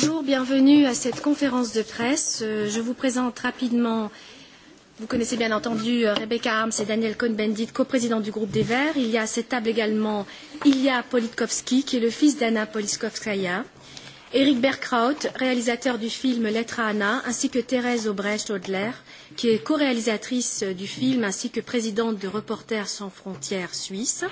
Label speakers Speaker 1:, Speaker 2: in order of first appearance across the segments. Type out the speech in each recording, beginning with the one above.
Speaker 1: Bonjour, bienvenue à cette conférence de presse. Euh, je vous présente rapidement, vous connaissez bien entendu euh, Rebecca Harms et Daniel Cohn-Bendit, coprésident du groupe des Verts. Il y a à cette table également Ilya Politkovski, qui est le fils d'Anna Politkovskaya, Eric Berkraut, réalisateur du film Lettre à Anna, ainsi que Thérèse Aubrecht-Audler, qui est co-réalisatrice du film ainsi que présidente de Reporters sans frontières suisses.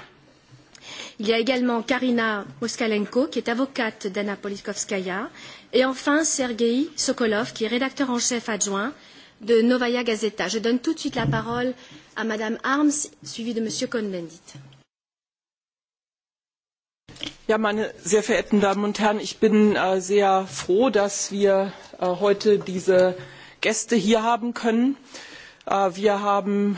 Speaker 1: Il y a également Karina Moskalenko, qui est avocate d'Anna Politkovskaya, et enfin Sergei Sokolov, qui est rédacteur en chef adjoint de Novaya Gazeta. Je donne tout de suite la parole à Madame Arms, suivie de Monsieur Cohn-Bendit.
Speaker 2: Ja, meine sehr verehrten Damen und Herren, ich bin äh, sehr froh, dass wir äh, heute diese Gäste hier haben können. Äh, wir haben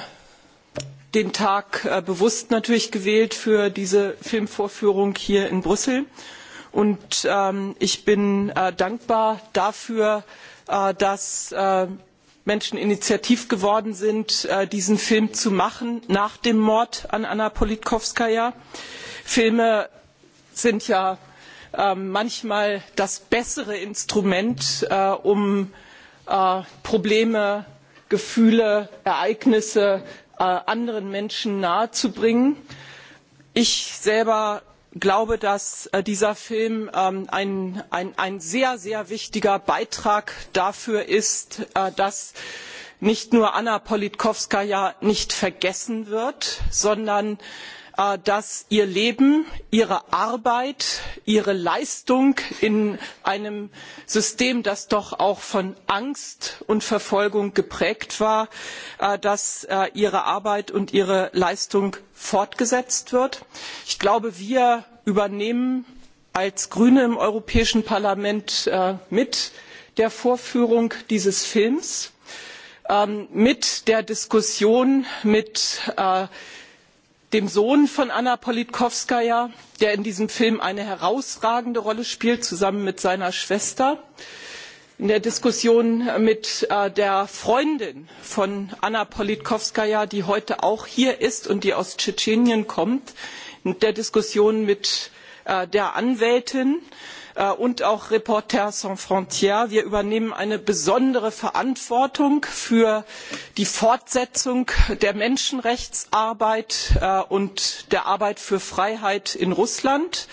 Speaker 2: den Tag äh, bewusst natürlich gewählt für diese Filmvorführung hier in Brüssel. Und ähm, ich bin äh, dankbar dafür, äh, dass äh, Menschen initiativ geworden sind, äh, diesen Film zu machen nach dem Mord an Anna Politkovskaya. Filme sind ja äh, manchmal das bessere Instrument, äh, um äh, Probleme Gefühle, Ereignisse Äh, anderen Menschen nahezubringen. Ich selber glaube, dass äh, dieser Film ähm, ein, ein, ein sehr, sehr wichtiger Beitrag dafür ist, äh, dass nicht nur Anna Politkowskaja nicht vergessen wird, sondern Äh, dass ihr Leben, ihre Arbeit, ihre Leistung in einem System, das doch auch von Angst und Verfolgung geprägt war, äh, dass äh, ihre Arbeit und ihre Leistung fortgesetzt wird. Ich glaube, wir übernehmen als Grüne im Europäischen Parlament mit der Vorführung dieses Films, ähm, mit der Diskussion, mit dem Sohn von Anna Politkowskaja, der in diesem Film eine herausragende Rolle spielt, zusammen mit seiner Schwester. In der Diskussion mit äh, der Freundin von Anna Politkowskaja, die heute auch hier ist und die aus Tschetschenien kommt, in der Diskussion mit äh, der Anwältin, äh, Äh, und auch Reporters sans frontières. Wir übernehmen eine besondere Verantwortung für die Fortsetzung der Menschenrechtsarbeit äh, und der Arbeit für Freiheit in Russland.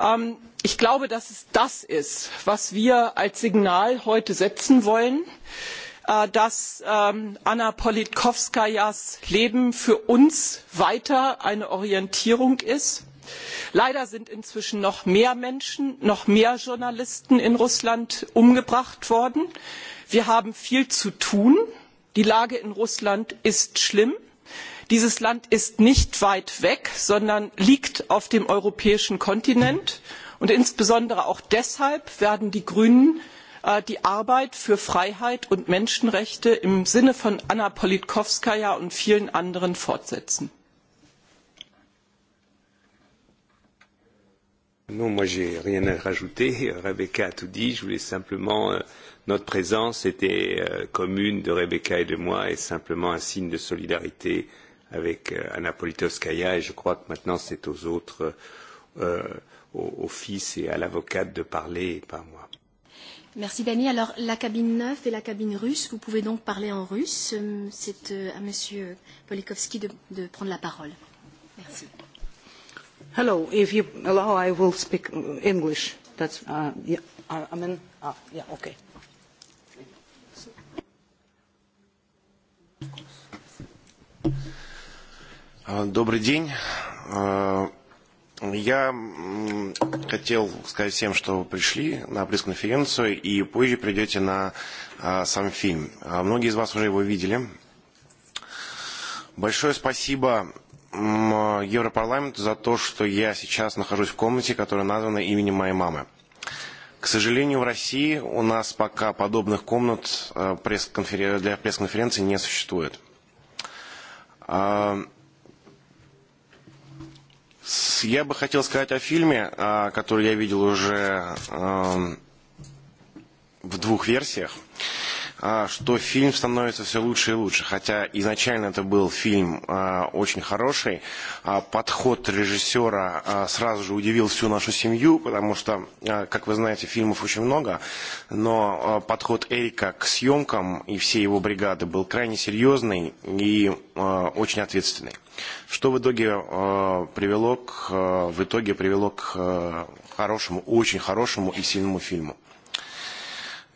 Speaker 2: Ähm, ich glaube, dass es das ist, was wir als Signal heute setzen wollen äh, dass ähm, Anna Politkowskajas Leben für uns weiter eine Orientierung ist Leider sind inzwischen noch mehr Menschen, noch mehr Journalisten in Russland umgebracht worden. Wir haben viel zu tun. Die Lage in Russland ist schlimm. Dieses Land ist nicht weit weg, sondern liegt auf dem europäischen Kontinent. Und insbesondere auch deshalb werden die Grünen äh, die Arbeit für Freiheit und Menschenrechte im Sinne von Anna Politkowskaja und vielen anderen fortsetzen.
Speaker 3: Non, moi j'ai rien à rajouter. Rebecca a tout dit. Je voulais simplement, euh, notre présence était euh, commune de Rebecca et de moi et simplement un signe de solidarité avec euh, Anna Politowskaya et je crois que maintenant c'est aux autres, euh, euh, aux, aux fils et à l'avocate de parler et pas moi.
Speaker 1: Merci Dani. Alors la cabine 9 et la cabine russe, vous pouvez donc parler en russe. Euh, c'est euh, à Monsieur Polikovski de, de prendre la parole. Merci.
Speaker 4: Hello, if you allow, I will speak English. That's, uh, yeah, I mean, ah, yeah, okay.
Speaker 5: Добрый день. Я хотел сказать всем, что вы пришли на пресс-конференцию и позже придете на сам фильм. Многие из вас уже его видели. Большое спасибо Европарламент за то, что я сейчас нахожусь в комнате, которая названа именем моей мамы. К сожалению, в России у нас пока подобных комнат э, для пресс конференции не существует. Я бы хотел сказать о фильме, который я видел уже в двух версиях что фильм становится все лучше и лучше. Хотя изначально это был фильм очень хороший. а Подход режиссера сразу же удивил всю нашу семью, потому что, как вы знаете, фильмов очень много. Но подход Эрика к съемкам и всей его бригады был крайне серьезный и очень ответственный. Что в итоге э, привело к, э, в итоге привело к э, хорошему, очень хорошему и сильному фильму.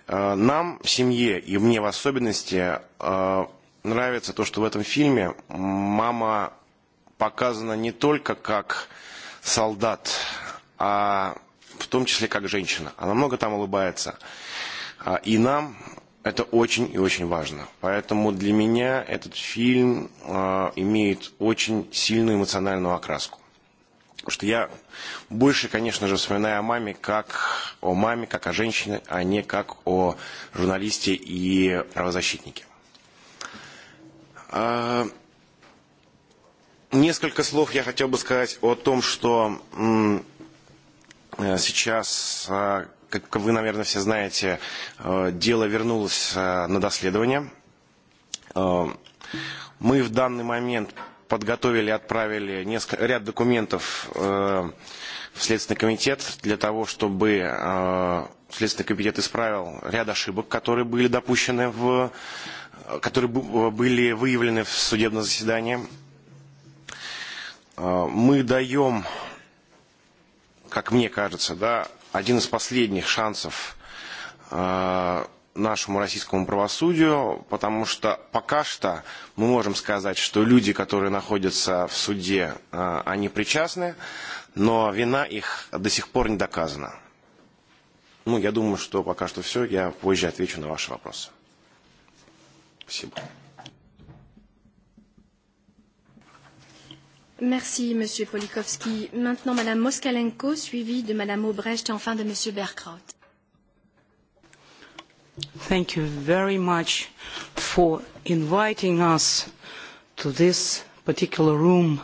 Speaker 5: Э, нам в семье, и мне в особенности, э, нравится то, что в этом фильме мама показана не только как солдат, а в том числе как женщина. Она много там улыбается. Э, и нам это очень и очень важно. Поэтому для меня этот фильм имеет очень сильную эмоциональную окраску. Потому что я больше, конечно же, вспоминаю о маме как о маме, как о женщине, а не как о журналисте и правозащитнике. Несколько слов я хотел бы сказать о том, что э, сейчас, как вы, наверное, все знаете, э, дело вернулось э, на доследование. Мы в данный момент подготовили, отправили несколько, ряд документов э, в Следственный комитет для того, чтобы э, Следственный комитет исправил ряд ошибок, которые были допущены в которые были выявлены в судебном заседании. Э, мы даем, как мне кажется, да, один из последних шансов э, нашему российскому правосудию, потому что пока что мы можем сказать, что люди, которые находятся в суде, э, они причастны, но вина их до сих пор не доказана. Ну, я думаю, что пока что все. Я позже отвечу на ваши вопросы. Спасибо.
Speaker 1: Merci, Monsieur Polikowski. Maintenant, Madame Moskalenko, suivie de Madame Obrecht et enfin de Monsieur Berkraut.
Speaker 4: Thank you very much for inviting us to this particular room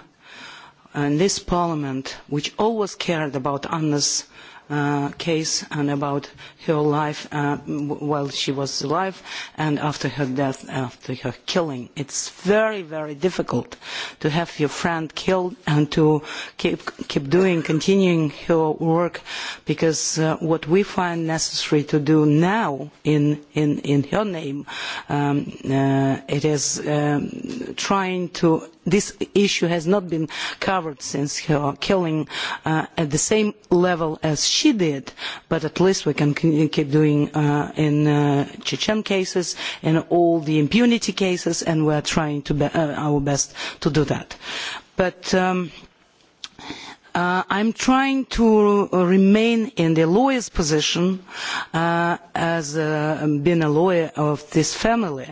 Speaker 4: and this parliament, which always cared about Anna's uh, case and about her life uh, while she was alive and after her death, after her killing. It's very, very difficult to have your friend killed and to keep, keep doing, continuing her work because uh, what we find necessary to do now in, in, in her name, um, uh, it is um, trying to this issue has not been covered since her killing uh, at the same level as she did, but at least we can keep doing uh, in uh, Chechen cases and all the impunity cases, and we are trying to be uh, our best to do that. But um, Uh, I'm trying to remain in the lawyer's position uh, as uh, being a lawyer of this family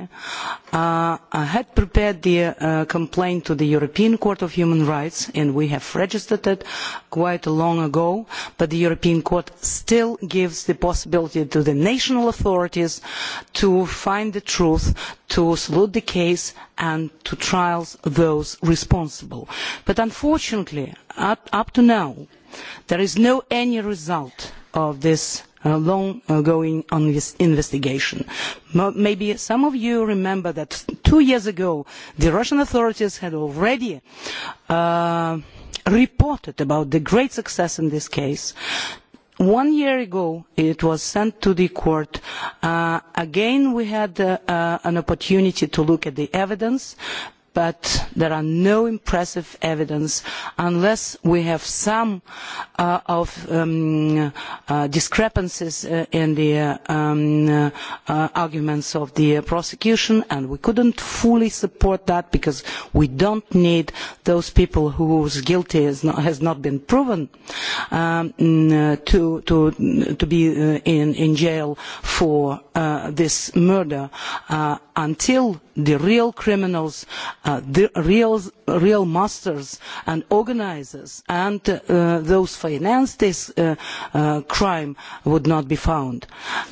Speaker 4: Uh, I had prepared the uh, complaint to the European Court of Human Rights, and we have registered it quite long ago, but the European Court still gives the possibility to the national authorities to find the truth, to salute the case, and to trial those responsible. But unfortunately, up, up to now, there is no any result of this Uh, long going on this investigation. maybe some of you remember that two years ago the Russian authorities had already uh, reported about the great success in this case. One year ago, it was sent to the court. Uh, again, we had uh, uh, an opportunity to look at the evidence but there are no impressive evidence unless we have some uh, of um, uh, discrepancies uh, in the uh, um, uh, uh, arguments of the prosecution and we couldn't fully support that because we don't need those people whose guilty not, has not been proven um, to, to, to, be in, in jail for this murder until the real criminals, uh, the real, real masters and organizers and uh, those financed this uh, uh, crime would not be found.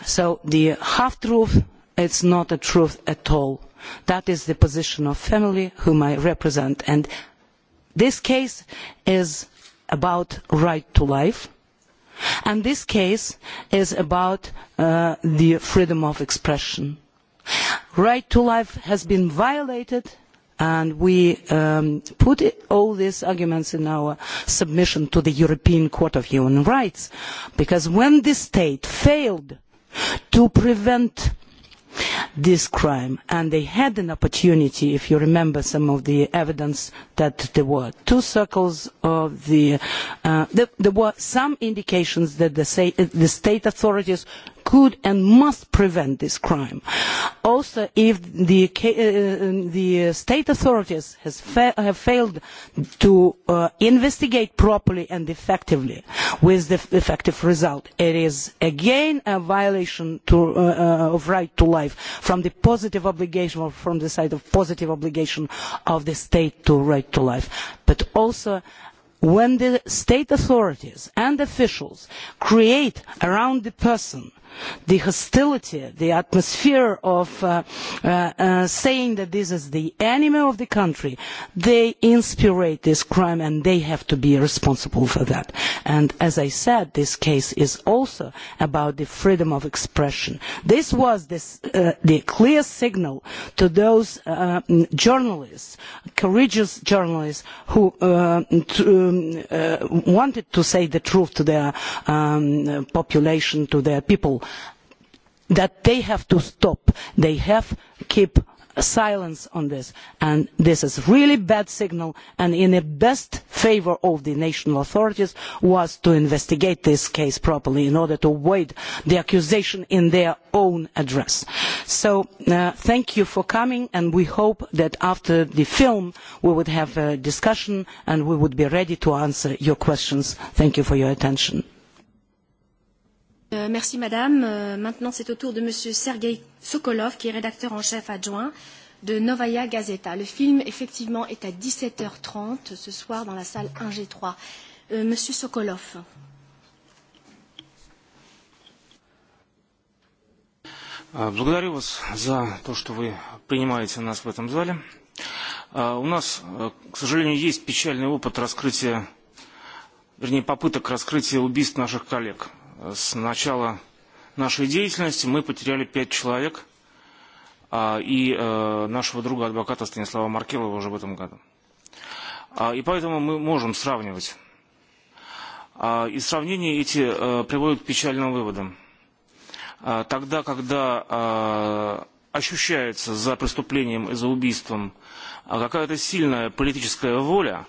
Speaker 4: So the half-truth, is not a truth at all. That is the position of family whom I represent. And this case is about right to life. And this case is about uh, the freedom of expression right to life has been violated and we um, put it, all these arguments in our submission to the European Court of Human Rights because when the state failed to prevent this crime and they had an opportunity if you remember some of the evidence that there were two circles of the uh, there, there were some indications that the, say, the state authorities could and must prevent this crime. Also, if the, uh, uh, the state authorities fa have failed to uh, investigate properly and effectively with the effective result, it is again a violation to, uh, uh, of right to life from the positive obligation or from the side of positive obligation of the state to right to life. But also when the state authorities and officials create around the person the hostility, the atmosphere of uh, uh, uh, saying that this is the enemy of the country, they inspirate this crime and they have to be responsible for that. And as I said, this case is also about the freedom of expression. This was this, uh, the clear signal to those uh, mm, journalists, courageous journalists who uh, to, um, uh, wanted to say the truth to their um, uh, population, to their people that they have to stop. They have to keep silence on this. And this is really bad signal. And in the best favor of the national authorities was to investigate this case properly in order to avoid the accusation in their own address. So uh, thank you for coming. And we hope that after the film, we would have a discussion and we would be ready to answer your questions. Thank you for your attention.
Speaker 1: Euh, merci Madame. Euh, maintenant, c'est au tour de Monsieur Sergei Sokolov, qui est rédacteur en chef adjoint de Novaya Gazeta. Le film, effectivement, est à 17h30 ce soir dans la salle 1G3. Euh, Monsieur Sokolov.
Speaker 6: Э, благодарю вас за то, что вы принимаете нас в этом зале. Э, у нас, э, к сожалению, есть печальный опыт раскрытия, вернее, попыток раскрытия убийств наших коллег с начала нашей деятельности мы потеряли пять человек а, и а, э, нашего друга адвоката Станислава Маркелова уже в этом году. А, и поэтому мы можем сравнивать. А, и сравнения эти а, э, приводят к печальным выводам. А, тогда, когда а, ощущается за преступлением и за убийством какая-то сильная политическая воля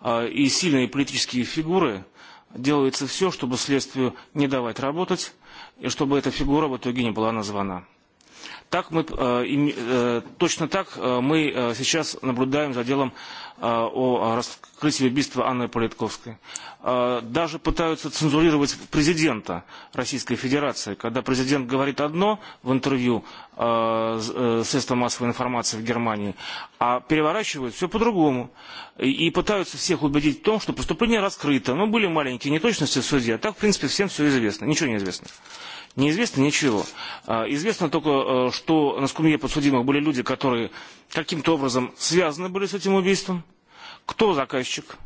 Speaker 6: а, и сильные политические фигуры – делается все, чтобы следствию не давать работать, и чтобы эта фигура в итоге не была названа. Так мы, э, э, точно так э, мы сейчас наблюдаем за делом о раскрытии убийства Анны Политковской. Даже пытаются цензурировать президента Российской Федерации, когда президент говорит одно в интервью средства массовой информации в Германии, а переворачивают все по-другому. И пытаются всех убедить в том, что поступление раскрыто. Но были маленькие неточности в суде, а так, в принципе, всем все известно, ничего не известно неизвестно ничего. Известно только, э, что на скамье подсудимых были люди, которые каким-то образом связаны были с этим убийством. Кто заказчик,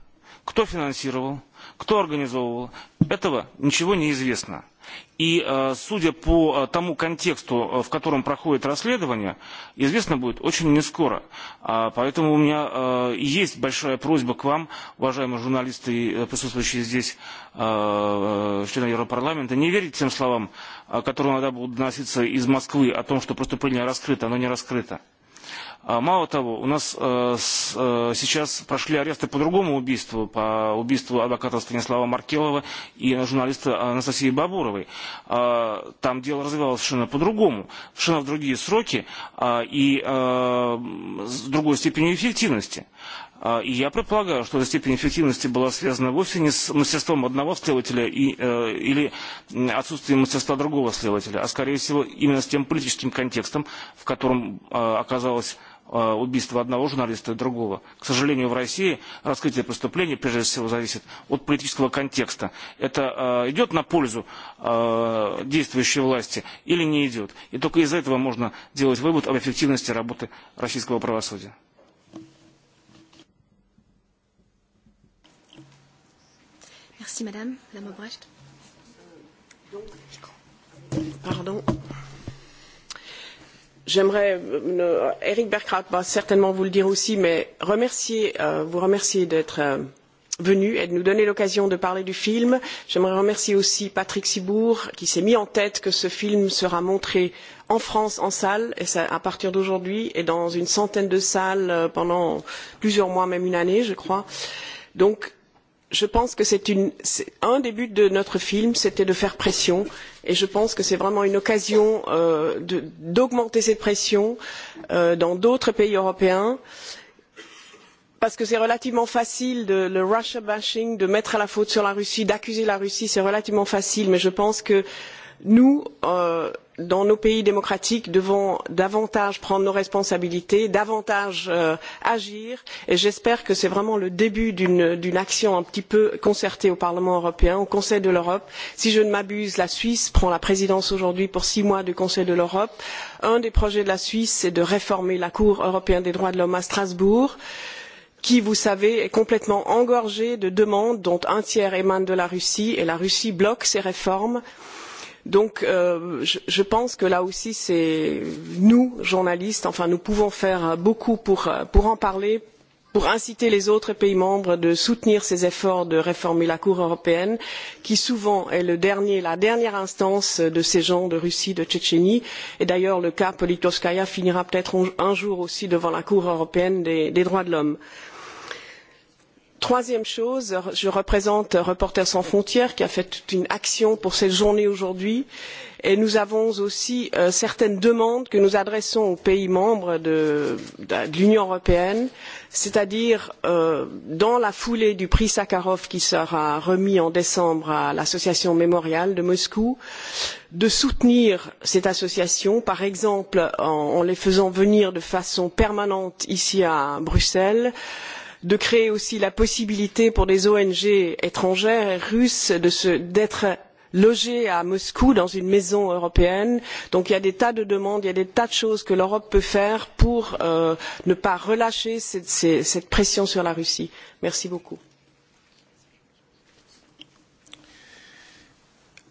Speaker 6: кто финансировал, кто организовывал, этого ничего не известно. И э, судя по э, тому контексту, э, в котором проходит расследование, известно будет очень нескоро. Поэтому у меня есть большая просьба к вам, уважаемые журналисты, присутствующие здесь, члены Европарламента, не верить тем словам, которые иногда будут доноситься из Москвы о том, что преступление раскрыто, оно не раскрыто. Мало того, у нас э, э, сейчас прошли аресты по другому убийству, по убийству адвоката Станислава Маркелова и журналиста Анастасии Бабуровой. Там дело развивалось совершенно по-другому, совершенно в другие сроки и э, с другой степенью эффективности. И я предполагаю, что эта степень эффективности была связана вовсе не с мастерством одного следователя и, э, или отсутствием мастерства другого следователя, а скорее всего именно с тем политическим контекстом, в котором э, оказалась Э, убийство одного журналиста и другого. К сожалению, в России раскрытие преступлений прежде всего зависит от политического контекста. Это э, идет на пользу э, действующей власти или не идет. И только из этого можно делать вывод об эффективности работы российского правосудия.
Speaker 1: Merci, madame. Madame Obrecht.
Speaker 6: Euh,
Speaker 3: Pardon. J'aimerais, euh, Eric Berkrat va certainement vous le dire aussi, mais remercier, euh, vous remercier d'être euh, venu et de nous donner l'occasion de parler du film. J'aimerais remercier aussi Patrick Sibourg qui s'est mis en tête que ce film sera montré en France en salle et ça, à partir d'aujourd'hui et dans une centaine de salles euh, pendant plusieurs mois, même une année, je crois. Donc, je pense que c'est une un des buts de notre film c'était de faire pression et je pense que c'est vraiment une occasion euh, d'augmenter cette pression euh, dans d'autres pays européens parce que c'est relativement facile de, le Russia bashing de mettre à la faute sur la Russie d'accuser la Russie c'est relativement facile mais je pense que nous euh, dans nos pays démocratiques devons davantage prendre nos responsabilités, davantage euh, agir et j'espère que c'est vraiment le début d'une action un petit peu concertée au Parlement européen, au Conseil de l'Europe. Si je ne m'abuse, la Suisse prend la présidence aujourd'hui pour six mois du Conseil de l'Europe. Un des projets de la Suisse, c'est de réformer la Cour européenne des droits de l'homme à Strasbourg qui, vous savez, est complètement engorgée de demandes dont un tiers émane de la Russie et la Russie bloque ces réformes. Donc euh, je, je pense que là aussi c'est nous, journalistes, enfin nous pouvons faire beaucoup pour, pour en parler, pour inciter les autres pays membres de soutenir ces efforts de réformer la Cour européenne, qui souvent est le dernier, la dernière instance de ces gens de Russie, de Tchétchénie. Et d'ailleurs, le cas Politkovskaya finira peut-être un jour aussi devant la Cour européenne des, des droits de l'homme. Troisième chose, je représente Reporters sans frontières qui a fait toute une action pour cette journée aujourd'hui et nous avons aussi euh, certaines demandes que nous adressons aux pays membres de, de, de l'Union européenne, c'est-à-dire euh, dans la foulée du prix Sakharov qui sera remis en décembre à l'association mémoriale de Moscou, de soutenir cette association, par exemple en, en les faisant venir de façon permanente ici à Bruxelles, euh, de créer aussi la possibilité pour des ONG étrangères et russes d'être logé à Moscou dans une maison européenne. Donc il y a des tas de demandes, il y a des tas de choses que l'Europe peut faire pour euh, ne pas relâcher cette, cette, pression sur la Russie. Merci beaucoup.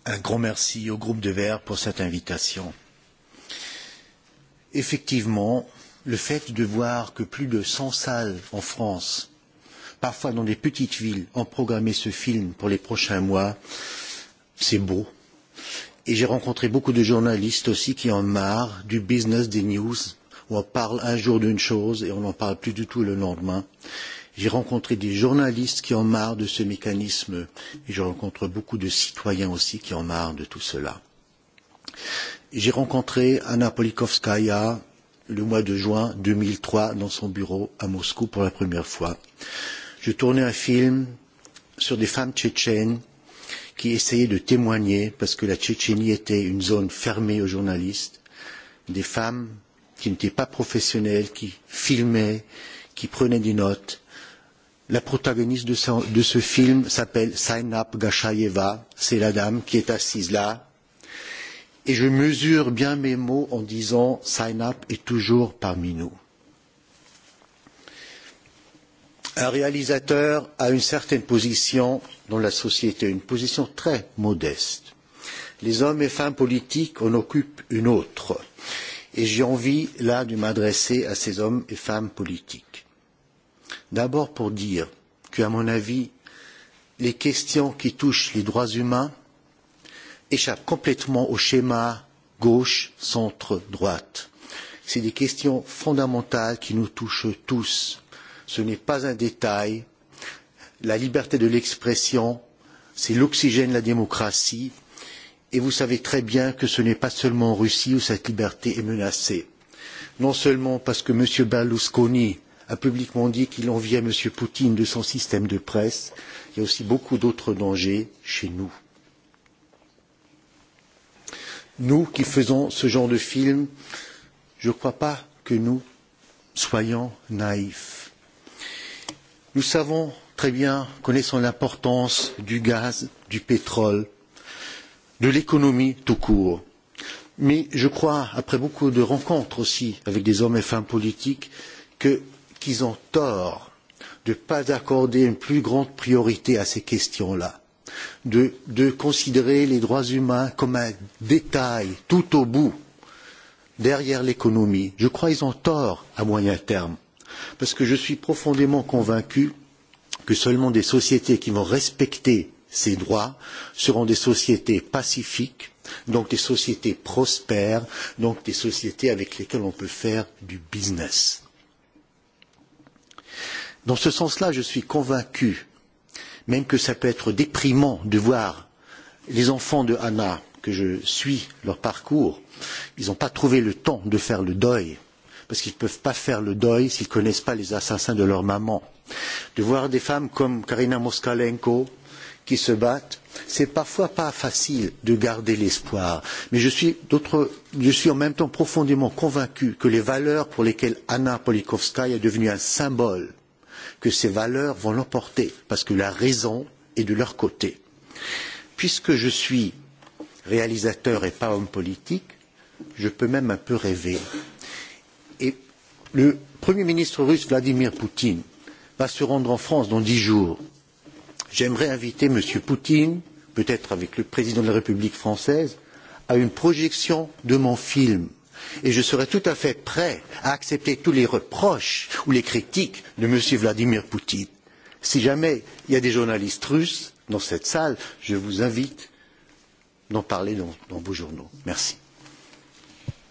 Speaker 7: Un grand merci au groupe de Verts pour cette invitation. Effectivement, le fait de voir que plus de 100 salles en France, parfois dans des petites villes, ont programmé ce film pour les prochains mois, c'est beau. Et j'ai rencontré beaucoup de journalistes aussi qui en marrent du business des news, où on parle un jour d'une chose et on n'en parle plus du tout le lendemain. J'ai rencontré des journalistes qui en marrent de ce mécanisme et je rencontre beaucoup de citoyens aussi qui en marrent de tout cela. J'ai rencontré Anna Polikovskaya, le mois de juin 2003 dans son bureau à Moscou pour la première fois. Je tournais un film sur des femmes tchétchènes qui essayaient de témoigner parce que la Tchétchénie était une zone fermée aux journalistes, des femmes qui n'étaient pas professionnelles, qui filmaient, qui prenaient des notes. La protagoniste de ce, de ce film s'appelle Sainap Gashayeva, c'est la dame qui est assise là, Et je mesure bien mes mots en disant up est toujours parmi nous. Un réalisateur a une certaine position dans la société, une position très modeste. Les hommes et femmes politiques en occupent une autre. Et j'ai envie, là, de m'adresser à ces hommes et femmes politiques. D'abord pour dire qu'à mon avis, les questions qui touchent les droits humains échappe complètement au schéma gauche, centre, droite. C'est des questions fondamentales qui nous touchent tous. Ce n'est pas un détail. La liberté de l'expression, c'est l'oxygène de la démocratie. Et vous savez très bien que ce n'est pas seulement en Russie où cette liberté est menacée. Non seulement parce que M. Berlusconi a publiquement dit qu'il enviait M. Poutine de son système de presse, il y a aussi beaucoup d'autres dangers chez nous nous qui faisons ce genre de film, je ne crois pas que nous soyons naïfs. Nous savons très bien, connaissons l'importance du gaz, du pétrole, de l'économie tout court. Mais je crois, après beaucoup de rencontres aussi avec des hommes et femmes politiques, qu'ils qu ont tort de ne pas accorder une plus grande priorité à ces questions-là de, de considérer les droits humains comme un détail tout au bout derrière l'économie. Je crois qu'ils ont tort à moyen terme, parce que je suis profondément convaincu que seulement des sociétés qui vont respecter ces droits seront des sociétés pacifiques, donc des sociétés prospères, donc des sociétés avec lesquelles on peut faire du business. Dans ce sens-là, je suis convaincu même que ça peut être déprimant de voir les enfants de Anna, que je suis leur parcours, ils n'ont pas trouvé le temps de faire le deuil, parce qu'ils ne peuvent pas faire le deuil s'ils ne connaissent pas les assassins de leur maman. De voir des femmes comme Karina Moskalenko qui se battent, c'est parfois pas facile de garder l'espoir. Mais je suis, je suis en même temps profondément convaincu que les valeurs pour lesquelles Anna Polikovskaya est devenue un symbole que ces valeurs vont l'emporter, parce que la raison est de leur côté. Puisque je suis réalisateur et pas homme politique, je peux même un peu rêver. Et le Premier ministre russe Vladimir Poutine va se rendre en France dans dix jours. J'aimerais inviter M. Poutine, peut-être avec le président de la République française, à une projection de mon film et je serai tout à fait prêt à accepter tous les reproches ou les critiques de M. Vladimir Poutine. Si jamais il y a des journalistes russes dans cette salle, je vous invite d'en parler dans, dans vos journaux. Merci.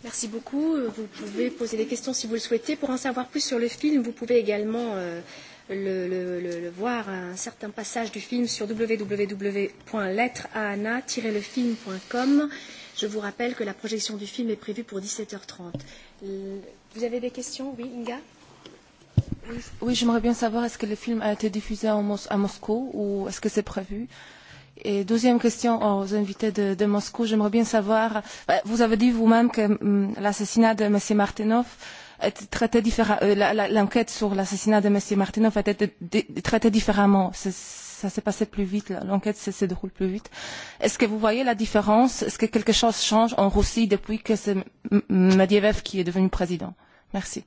Speaker 1: Merci beaucoup. Vous pouvez poser des questions si vous le souhaitez. Pour en savoir plus sur le film, vous pouvez également euh, le, le, le, le voir un certain passage du film sur www.lettreana-lefilm.com Je vous rappelle que la projection du film est prévue pour 17h30. Vous avez des questions Oui, Inga Oui, j'aimerais bien savoir est-ce que le film a été diffusé à, Mos à Moscou ou est-ce que c'est prévu et deuxième question aux invités de, de Moscou, j'aimerais bien savoir, vous avez dit vous-même que mm, l'assassinat de M. Martinov était traité différemment, euh, l'enquête sur l'assassinat de M. Martinov a été traitée différemment ça s'est passé plus vite, l'enquête se déroule plus vite. Est-ce que vous voyez la différence Est-ce que quelque chose change en Russie depuis que c'est Medvedev qui est devenu président Merci.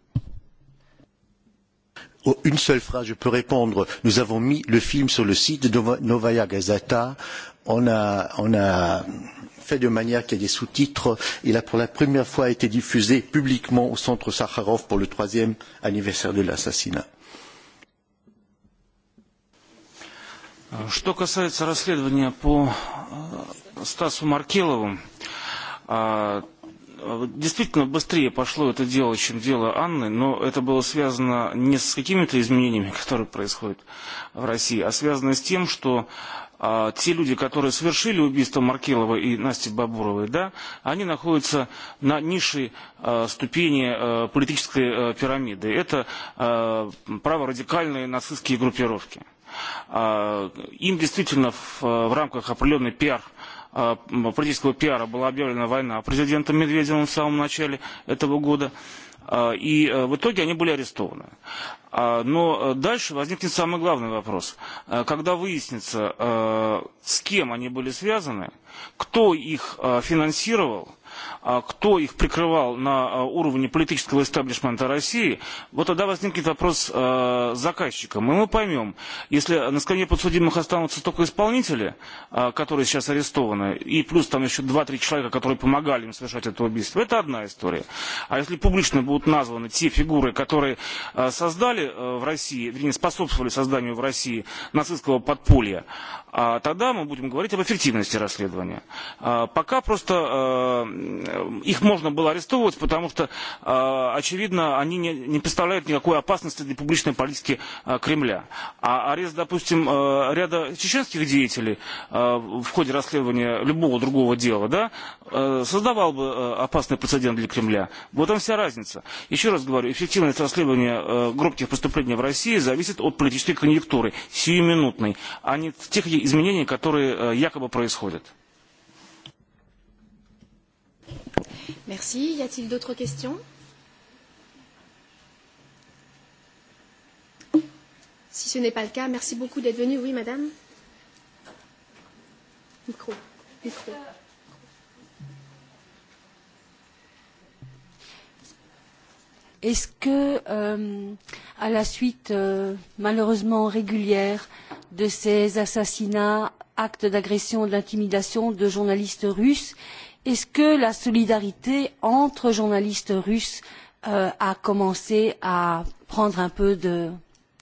Speaker 7: Oh, une seule phrase, je peux répondre. Nous avons mis le film sur le site de Novaya Gazeta. On a, on a fait de manière qu'il y ait des sous-titres. Il a pour la première fois été diffusé publiquement au centre Sakharov pour le troisième anniversaire de l'assassinat.
Speaker 6: Что касается расследования по э, Стасу Маркелову, действительно быстрее пошло это дело, чем дело Анны, но это было связано не с какими-то изменениями, которые происходят в России, а связано с тем, что те люди, которые совершили убийство Маркелова и Насти Бабуровой, да, они находятся на низшей ступени э, политической э, пирамиды. Это а, праворадикальные нацистские группировки. Им действительно в, э, в рамках определенной пиар политического пиара была объявлена война президентом Медведевым в самом начале этого года. И э, в итоге они были арестованы. Но э, дальше возникнет самый главный вопрос. Когда выяснится, с кем они были связаны, кто их финансировал, кто их прикрывал на уровне политического истеблишмента России, вот тогда возникнет вопрос заказчикам. И мы поймем, если на скамье подсудимых останутся только исполнители, которые сейчас арестованы, и плюс там еще два-три человека, которые помогали им совершать это убийство, это одна история. А если публично будут названы те фигуры, которые создали в России, вернее, способствовали созданию в России нацистского подполья, тогда мы будем говорить об эффективности расследования. Пока просто Э, их можно было арестовывать, потому что, э, очевидно, они не, представляют никакой опасности для публичной политики э, Кремля. А арест, допустим, ряда чеченских деятелей в ходе расследования любого другого дела, да, создавал бы опасный прецедент для Кремля. Вот там вся разница. Еще раз говорю, эффективность расследования громких преступлений в России зависит от политической конъюнктуры, сиюминутной, а не тех изменений, которые якобы происходят.
Speaker 1: Merci. Y a-t-il d'autres questions Si ce n'est pas le cas, merci beaucoup d'être venu. Oui, madame Micro. Micro. Est-ce que, euh,
Speaker 4: à la suite euh, malheureusement régulière de ces assassinats, actes d'agression, d'intimidation de journalistes russes, Est-ce que la solidarité entre journalistes russes euh, a commencé à prendre un peu de,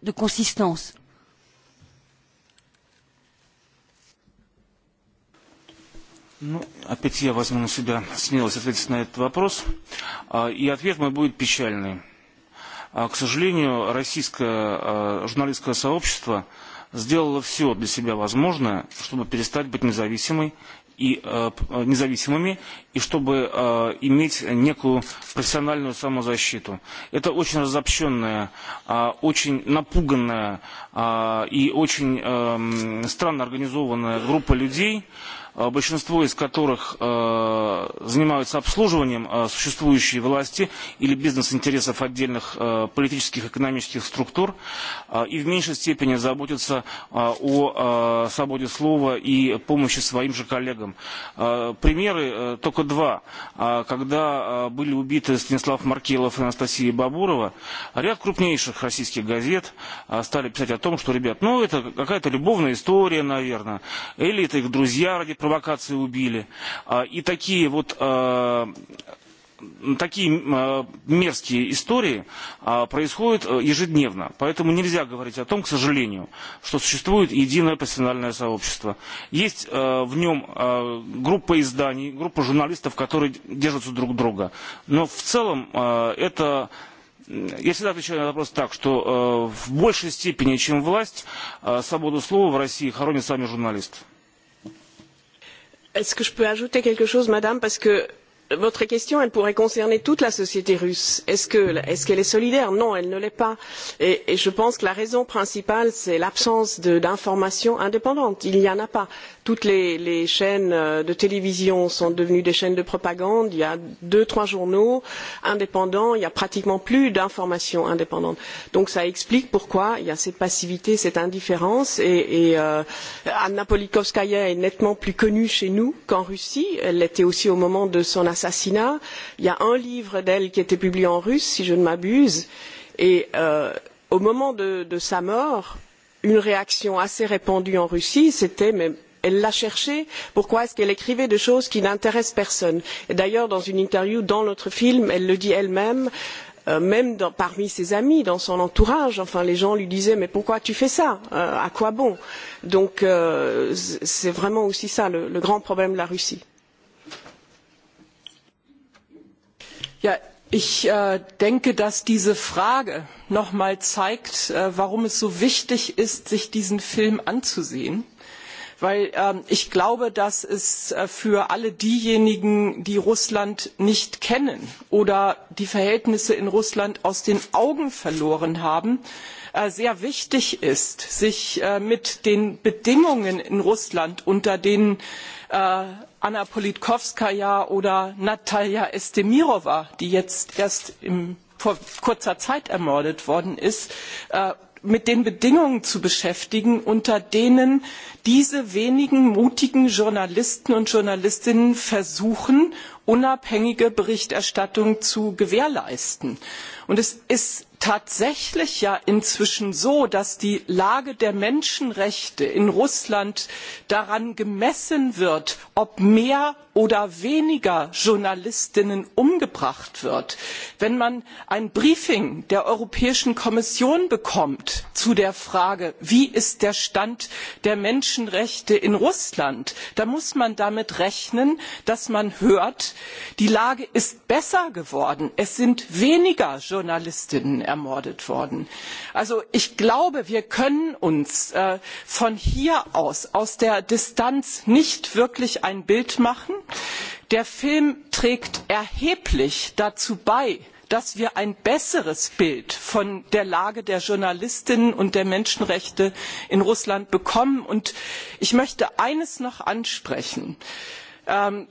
Speaker 4: de consistance
Speaker 6: Ну, опять я возьму на себя смелость ответить на этот вопрос. И ответ мой будет печальный. К сожалению, российское журналистское сообщество – сделала все для себя возможное, чтобы перестать быть независимой и э, э, независимыми, и чтобы э, иметь некую профессиональную самозащиту. Это очень разобщенная, э, очень напуганная э, и очень э, странно организованная группа людей, Э, большинство из которых э, занимаются обслуживанием э, существующей власти или бизнес-интересов отдельных политических и экономических структур и в меньшей степени заботятся о свободе слова и помощи своим же коллегам. Примеры только два. Когда были убиты Станислав Маркелов и Анастасия Бабурова, ряд крупнейших российских газет стали писать о том, что, ребят, ну это какая-то любовная история, наверное, или это их друзья ради провокации убили. И такие вот такие мерзкие истории происходят э, ежедневно. Поэтому нельзя говорить о том, к сожалению, что существует единое профессиональное сообщество. Есть э, в нем э, группа изданий, группа журналистов, которые держатся друг друга. Но в целом это... Я всегда отвечаю на вопрос так, что в большей степени, чем власть, свободу слова в России хоронят сами журналисты.
Speaker 3: Est-ce que je peux ajouter quelque chose, madame, parce que votre question, elle pourrait concerner toute la société russe. Est-ce qu'elle est, qu est, solidaire Non, elle ne l'est pas. Et, et, je pense que la raison principale, c'est l'absence d'informations indépendantes. Il n'y en a pas. Toutes les, les, chaînes euh, de télévision sont devenues des chaînes de propagande. Il y a deux, trois journaux indépendants. Il n'y a pratiquement plus d'informations indépendantes. Donc ça explique pourquoi il y a cette passivité, cette indifférence. Et, et euh, Anna Politkovskaya est nettement plus connue chez nous qu'en Russie. Elle l'était aussi au moment de son assassinat. Il y a un livre d'elle qui a été publié en russe, si je ne m'abuse. Et euh, au moment de, de sa mort, une réaction assez répandue en Russie, c'était mais elle l'a cherché, pourquoi est-ce qu'elle écrivait des choses qui n'intéressent personne Et d'ailleurs, dans une interview dans notre film, elle le dit elle-même, euh, même dans, parmi ses amis, dans son entourage, enfin les gens lui disaient mais pourquoi tu fais ça euh, À quoi bon Donc euh, c'est vraiment aussi ça le, le grand problème de la Russie.
Speaker 2: Ja, ich äh, denke, dass diese Frage noch mal zeigt, äh, warum es so wichtig ist, sich diesen Film anzusehen. Weil ähm, ich glaube, dass es äh, für alle diejenigen, die Russland nicht kennen oder die Verhältnisse in Russland aus den Augen verloren haben, äh, sehr wichtig ist, sich äh, mit den Bedingungen in Russland, unter denen äh, Anna Politkovskaya oder Natalia Estemirova, die jetzt erst im, vor kurzer Zeit ermordet worden ist, äh, mit den Bedingungen zu beschäftigen, unter denen diese wenigen mutigen Journalisten und Journalistinnen versuchen, unabhängige Berichterstattung zu gewährleisten. Und es ist tatsächlich ja inzwischen so, dass die Lage der Menschenrechte in Russland daran gemessen wird, ob mehr oder weniger Journalistinnen umgebracht wird. Wenn man ein Briefing der Europäischen Kommission bekommt zu der Frage, wie ist der Stand der Menschenrechte in Russland, dann muss man damit rechnen, dass man hört, die Lage ist besser geworden. Es sind weniger Journalistinnen ermordet worden. Also ich glaube, wir können uns äh, von hier aus, aus der Distanz nicht wirklich ein Bild machen. Der Film trägt erheblich dazu bei, dass wir ein besseres Bild von der Lage der Journalistinnen und der Menschenrechte in Russland bekommen. Und ich möchte eines noch ansprechen. Ähm,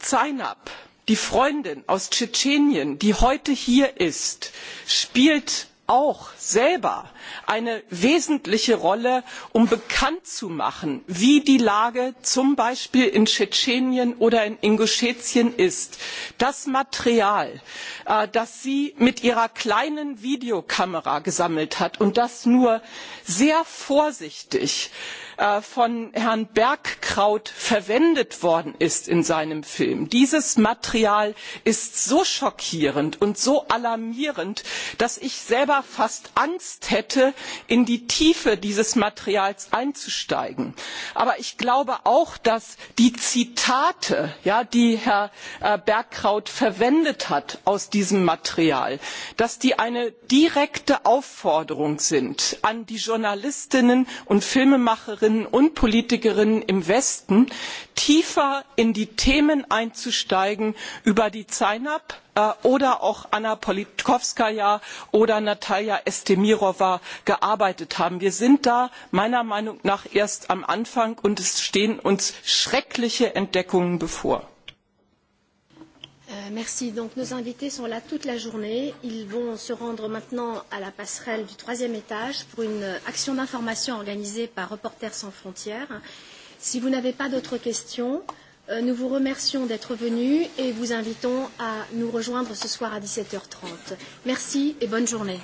Speaker 2: Zainab die freundin aus tschetschenien die heute hier ist spielt auch selber eine wesentliche rolle um bekannt zu machen wie die lage zum beispiel in tschetschenien oder in inguschetien ist. das material äh, das sie mit ihrer kleinen videokamera gesammelt hat und das nur sehr vorsichtig Äh, von Herrn Bergkraut verwendet worden ist in seinem Film. Dieses Material ist so schockierend und so alarmierend, dass ich selber fast Angst hätte, in die Tiefe dieses Materials einzusteigen. Aber ich glaube auch, dass die Zitate, ja, die Herr äh, Bergkraut verwendet hat aus diesem Material, dass die eine direkte Aufforderung sind an die Journalistinnen und Filmemacherinnen, Politikerinnen und Politikerinnen im Westen tiefer in die Themen einzusteigen, über die ZEINAP äh, oder auch Anna Politkovskaya oder Natalia Estemirova gearbeitet haben. Wir sind da meiner Meinung nach erst am Anfang und es stehen uns schreckliche Entdeckungen bevor.
Speaker 1: Euh, merci. Donc nos invités sont là toute la journée. Ils vont se rendre maintenant à la passerelle du troisième étage pour une action d'information organisée par Reporters sans frontières. Si vous n'avez pas d'autres questions, euh, nous vous remercions d'être venus et vous invitons à nous rejoindre ce soir à 17h30. Merci et bonne journée.